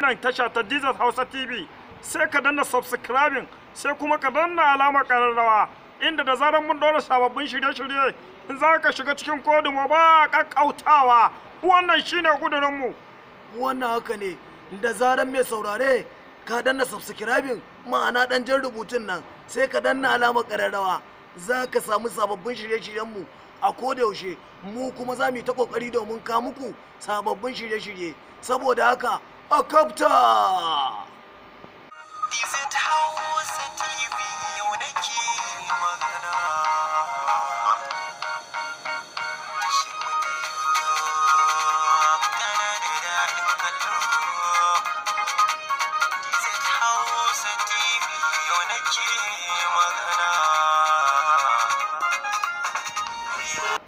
nan tasha ta Jesus Hausa TV sai ka danna subscribing sai kuma ka danna alamar kararrawa inda da zarar mun dora sababbin shirye-shirye za ka shiga cikin kodin mu ba kakkautawa wannan shine kudurin mu wannan haka ne da zarar mai saurare ka danna subscribing ma'ana dan jan rubutun nan sai ka danna alamar kararrawa za ka samu sababbin shirye-shiryen mu a yaushe mu kuma za mu yi ta kokari domin ka muku sababbin shirye-shirye saboda haka a kafta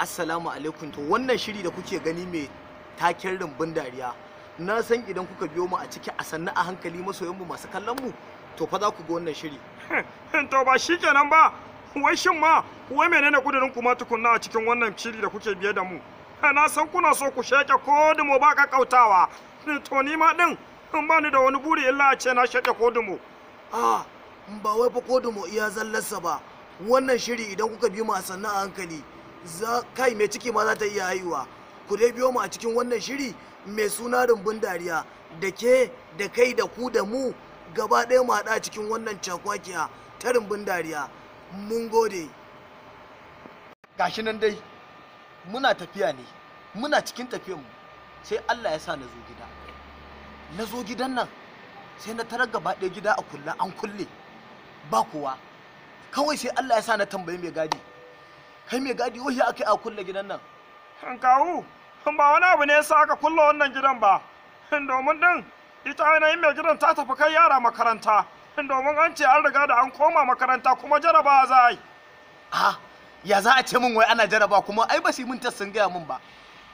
Assalamu alaikum to wannan shiri da kuke gani mai takin rumbun dariya na san idan kuka biyo mu a ciki a sannu a hankali masoyanmu masu kallon mu to fa za ku ga wannan shiri to ba shi kenan ba wai shin ma wai menene kudirin kuma tukunna a cikin wannan shiri da kuke biye da mu na san kuna so ku sheke ko mu ba ka kautawa to ni ma din in ba ni da wani buri illa a ce na sheke ko mu. ah ba wai fa ko mu iya zallarsa ba wannan shiri idan kuka bi mu a sannu a hankali za kai mai ciki ma za ta iya haihuwa ku dai biyo mu a cikin wannan shiri mai suna rumbun dariya da ke da kai da ku da mu gaba ɗaya mu haɗa cikin wannan cakwakiya ta rumbun dariya mun gode gashi nan dai muna tafiya ne muna cikin tafiyan mu sai Allah ya sa na zo gida na zo gidan nan sai na tarar gaba ɗaya gida a kulla an kulle ba kowa kawai sai Allah ya sa na tambayi mai gadi kai mai gadi wahi akai a kulle gidan nan an kawo ba wani abu ne yasa aka kulla wannan gidan ba domin din ita ainihin mai gidan ta tafi kai yara makaranta domin an ce an riga da an koma makaranta kuma jaraba za a yi a ya za a ce min wai ana jaraba kuma ai ba shi mun sun gaya min ba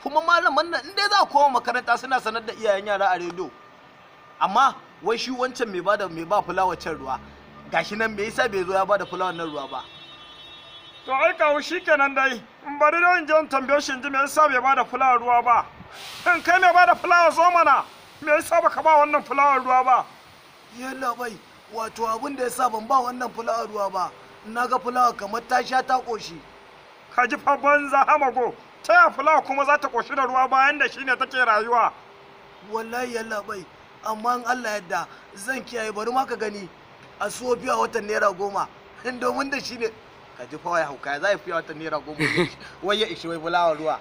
kuma malaman nan dai za a koma makaranta suna sanar da iyayen yara a rediyo amma wai shi wancan mai ba da mai ba fulawa can ruwa gashi nan me yasa bai zo ya ba da fulawa nan ruwa ba to ai kawo kenan dai in bari don in je in tambaye shi in ji me yasa bai bada fulawa ruwa ba in kai mai bada fulawa zo mana me yasa baka ba wannan fulawar ruwa ba yalla bai wato abin da yasa ban ba wannan fulawar ruwa ba na ga fulawa kamar ta sha ta koshi ka ji fa banza hamago ta ya fulawa kuma za ta koshi da ruwa bayan da shine take rayuwa wallahi yalla bai amma in Allah yadda zan kiyaye bari ma ka gani a sofiya watan naira goma domin da shine ka ji fa ya hauka za a fiya wata naira goma wai ya ishe wai bulawa ruwa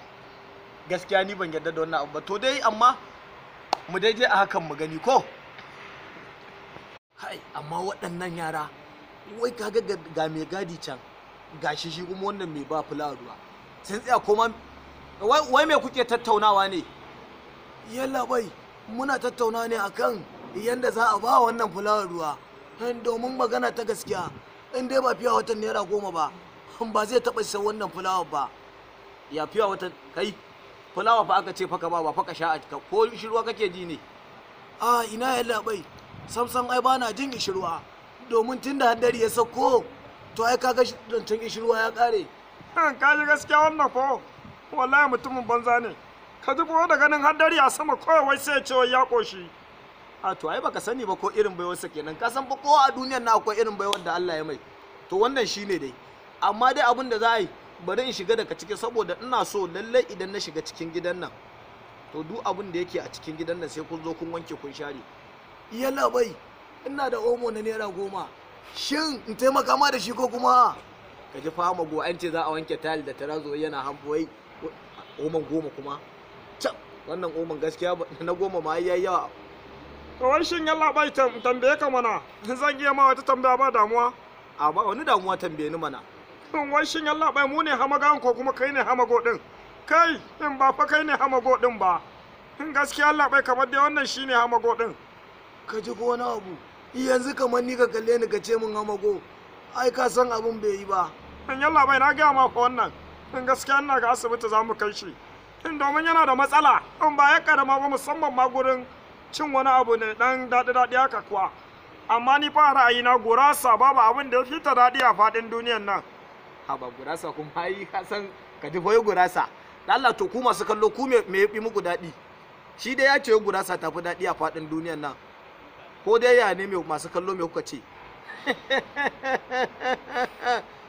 gaskiya ni ban yarda da wannan abu ba to dai amma mu dai je a hakan mu gani ko hai amma waɗannan yara wai kaga ga mai gadi can ga shi kuma wannan mai ba fulawa ruwa sun tsaya koma wai me kuke tattaunawa ne yalla bai muna tattauna ne akan yadda za a ba wannan fulawar ruwa domin magana ta gaskiya in dai ba fiya watan naira goma ba ba zai taɓa san wannan fulawa ba ya fiya watan kai fulawa fa aka ce fa ba ba fa sha a ko shirwa kake ji ne a ina ya labai samsan ai ba na jin ishirwa domin tun da haddari ya sauko to ai kaga zancen ishirwa ya kare ka ji gaskiya wannan ko wallahi mutumin banza ne ka ji da ganin haddari a sama kawai sai ya ce ya koshi a to ai baka sani ba ko irin baiwar sa kenan ka san ba ko a duniyar na akwai irin baiwar da Allah ya mai to wannan shine dai amma dai abun da za a yi bari in shiga daga ciki saboda ina so lallai idan na shiga cikin gidan nan to duk abin da yake a cikin gidan nan sai kun zo kun wanke kun share yalla bai ina da omo na naira goma shin in taimaka ma da shi ko kuma ka ji fama go an ce za a wanke tile da tarazo yana hamboyi oman goma kuma wannan oman gaskiya na goma ma yayi yawa to wai shin yalla bai tambaye ka mana zan iya ma wata tambaya ba damuwa a ba wani damuwa tambaye ni mana shin wai shin yalla bai mu ne hamagan ko kuma kai ne hamago din kai in ba fa kai ne hamago din ba in gaskiya yalla bai kamar dai wannan shine hamago din ka ji ko wani abu yanzu kamar ni ka kalle ni ka ce min hamago ai ka san abin bai yi ba in yalla bai na gaya ma fa wannan in gaskiya ina ga asibiti za mu kai shi in domin yana da matsala in ba ya karama ba musamman ma gurin cin wani abu ne dan daɗi daɗi haka kuwa amma ni fa ra'ayina gurasa babu abin da ya fita daɗi a faɗin duniyan nan haba gurasa kuma ai ka san ka ji boye gurasa Allah to ku masu kallo ku me me yafi muku daɗi shi dai ya ce gurasa ta fi daɗi a faɗin duniyan nan ko dai ya ne me masu kallo me kuka ce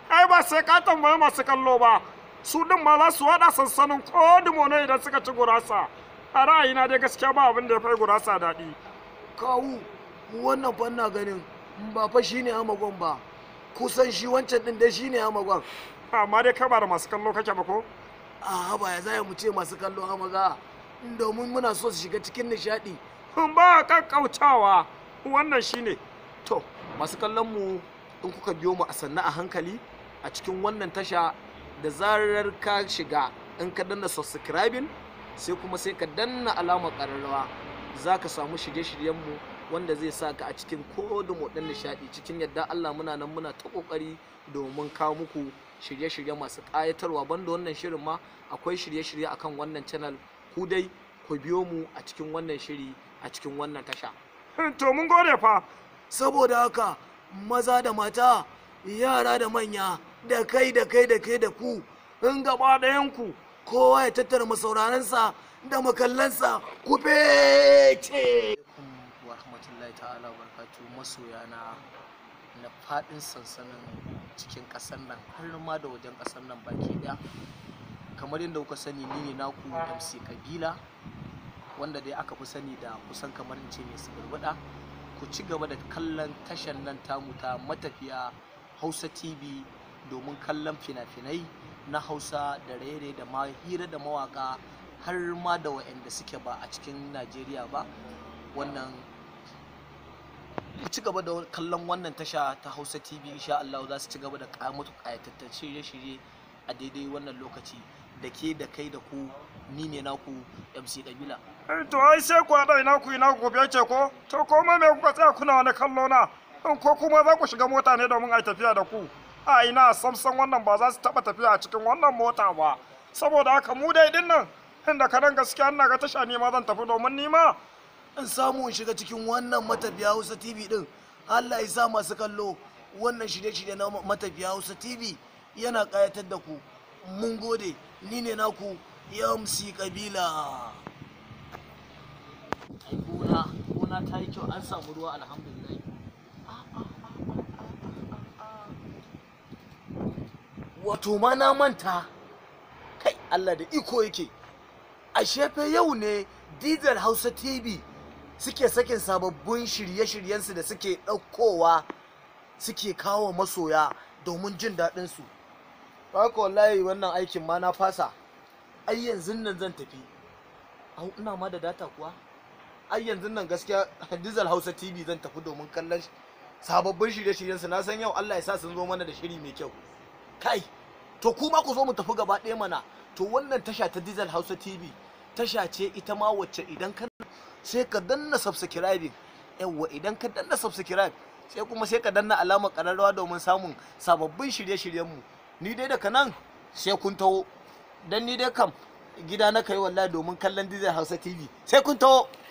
ai ba sai ka tambayi masu kallo ba su din ma za su waɗa sansanin ko dimo ne idan suka ci gurasa a ra'ayina dai gaskiya ba abin da ya fai gurasa daɗi kawu wannan fanna ganin ba fa shine amagon ba kusan shi wancan din dai shine amagon amma dai ka da masu kallo kake ba a haba ya zai mu ce masu kallo amaga domin muna so su shiga cikin nishaɗi ba kakkautawa wannan shine to masu kallon mu in kuka biyo mu a sannu a hankali a cikin wannan tasha da zarar ka shiga in ka danna subscribing sai kuma sai ka danna alamar ƙararrawa za ka samu shirye-shiryenmu wanda zai sa ka a cikin kodin waɗin nishaɗi cikin yadda Allah muna nan muna ta ƙoƙari domin kawo muku shirye-shirye masu ƙayatarwa banda wannan shirin ma akwai shirye-shirye akan wannan channel ku dai ku biyo mu a cikin wannan shiri a cikin wannan tasha. Hmm, to mun gode fa. Saboda haka maza da mata yara da manya da kai da kai da kai da ku in gaba ɗayan ku kowa ya tattara masauraransa da makallansa ku bece wa rahmatullahi ta'ala masoya na na fadin sansanin cikin ƙasar nan har ma da wajen kasar nan baki daya kamar yadda kuka sani ni ne naku MC kabila wanda dai aka fi sani da kusan kamar ce mai suburbuɗa ku ci gaba da kallon tashar nan tamu ta matafiya hausa tv domin kallon fina-finai na hausa da raye da ma da mawaka har ma da wa'anda suke ba a cikin najeriya ba wannan ci gaba da kallon wannan tasha ta hausa tv insha Allah za su ci gaba da mutu kayatattun shirye-shirye a daidai wannan lokaci da ke da kai da ku ni ne naku mc dabila eh, to ai sai ku haɗa ina ku ina gobe ce ko to ma me kuka tsaya kuna wani kallo na ko kuma za ku shiga mota ne domin a tafiya da ku a ina samsan wannan ba za su taba tafiya a cikin wannan mota ba saboda haka mu dai din nan inda ka dan gaskiya ina ga tasha ne ma zan tafi domin ni ma in samu in shiga cikin wannan matafiya Hausa TV din Allah ya sa masu kallo wannan shirye-shirye na matafiya Hausa TV yana kayatar da ku mun gode ni ne naku yamsi kabila gona gona ta yi kyau an samu ruwa alhamdulillah wato ma na manta kai Allah da iko yake a shefe yau ne dizar hausa tv suke sakin sababbin shirye-shiryensu da suke ɗaukowa suke kawo masoya domin jin daɗinsu ko wallahi wannan aikin ma na fasa ai yanzu nan zan tafi au ina ma da data kuwa ai yanzu nan gaskiya dizal hausa tv zan tafi domin kallon sababbin shirye-shiryensu na san yau allah ya sa sun zo mana da shiri mai kyau kai to kuma ku zo mu tafi gaba ɗaya mana to wannan tasha ta dizal hausa tv tasha ce ita ma wacce idan ka sai ka danna subscribing yawa idan ka danna subscribe sai kuma sai ka danna alamar kararrawa domin samun sababbin shirye-shiryenmu ni dai daga nan sai kun taho dan ni dai kam gida na kai wallahi domin kallon dizal hausa tv sai kun taho